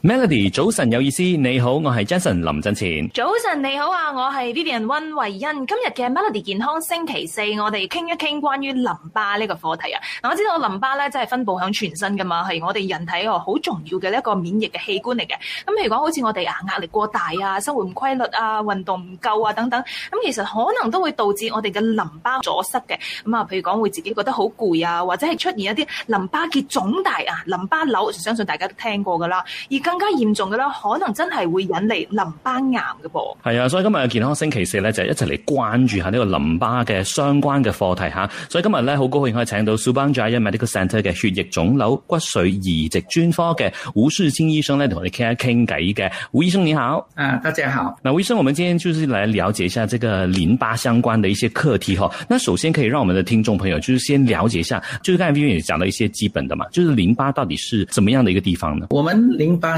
Melody，早晨有意思，你好，我係 Jason 林振前。早晨你好啊，我係 Vivian 溫慧欣。今日嘅 Melody 健康星期四，我哋傾一傾關於淋巴呢個課題啊。嗱，我知道我淋巴咧，即係分布響全身噶嘛，係我哋人體一個好重要嘅一個免疫嘅器官嚟嘅。咁、啊、譬如講，好似我哋啊壓力過大啊，生活唔規律啊，運動唔夠啊等等，咁、啊、其實可能都會導致我哋嘅淋巴阻塞嘅。咁啊，譬如講會自己覺得好攰啊，或者係出現一啲淋巴結腫大啊，淋巴瘤，我相信大家都聽過噶啦。更加嚴重嘅咧，可能真係會引嚟淋巴癌嘅噃。係啊，所以今日嘅健康星期四咧，就係、是、一齊嚟關注下呢個淋巴嘅相關嘅課題吓。所以今日咧好高興可以請到蘇邦在醫院 medical c e n t e 嘅血液腫瘤骨髓移植專科嘅吳樹清醫生咧，同我哋傾一傾偈嘅。吳醫生你好，啊大家好。那胡醫生，我們今天就是嚟了解一下這個淋巴相關嘅一些課題嗬，那首先可以讓我們嘅聽眾朋友，就是先了解一下，就是剛才 B 講到一些基本的嘛，就是淋巴到底是怎麼樣的一個地方呢？我們淋巴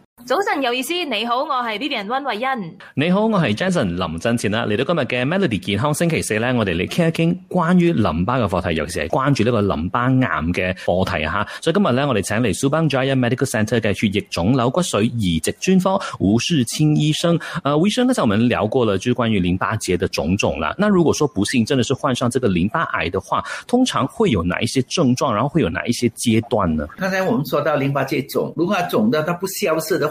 早晨有意思，你好，我是 Vivian 温慧欣。你好，我是 Jason 林振前啦，嚟到今日嘅 Melody 健康星期四咧，我哋嚟傾一傾關於淋巴嘅課題，尤其是係關注呢個淋巴癌嘅課題吓。所以今日咧，我哋請嚟 Subang Jaya Medical Centre 嘅血液腫瘤骨髓移植專科吳世清醫生。誒、呃，醫生呢，剛才我們聊過了，就關於淋巴結的種種啦。那如果說不幸真的是患上這個淋巴癌的話，通常會有哪一些症狀？然後會有哪一些階段呢？剛才我們說到淋巴結腫，如果腫到它不消失的話。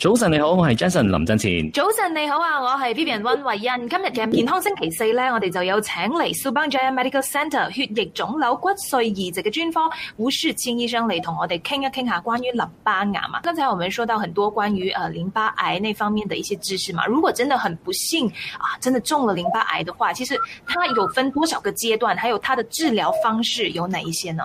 早晨你好，我是 Jason 林振前。早晨你好啊，我係 Vivian 溫慧欣。今日嘅健康星期四呢，我哋就有請嚟 Subang Jaya Medical Center 血液腫瘤骨髓移植嘅專科胡世清醫生嚟同我哋傾一傾下關於淋巴癌啊。剛才我們說到很多關於誒、呃、淋巴癌呢方面的一些知識嘛。如果真的很不幸啊，真的中了淋巴癌的話，其實它有分多少個階段，還有它的治療方式有哪一些呢？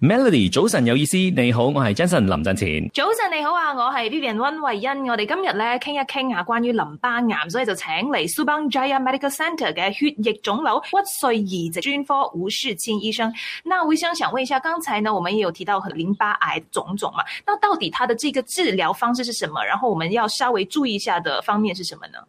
Melody，早晨有意思，你好，我係 Jason 林振前。早晨你好啊，我係 Vivian 温慧欣。我哋今日咧傾一傾下關於淋巴癌，所以就請嚟 Subang Jaya Medical Center 嘅血液腫瘤骨髓移植專科吳世清醫生。那醫生想，想問一下，剛才呢，我們也有提到淋巴癌種種嘛？那到底它的這個治療方式是什麼？然後我們要稍微注意一下的方面是什麼呢？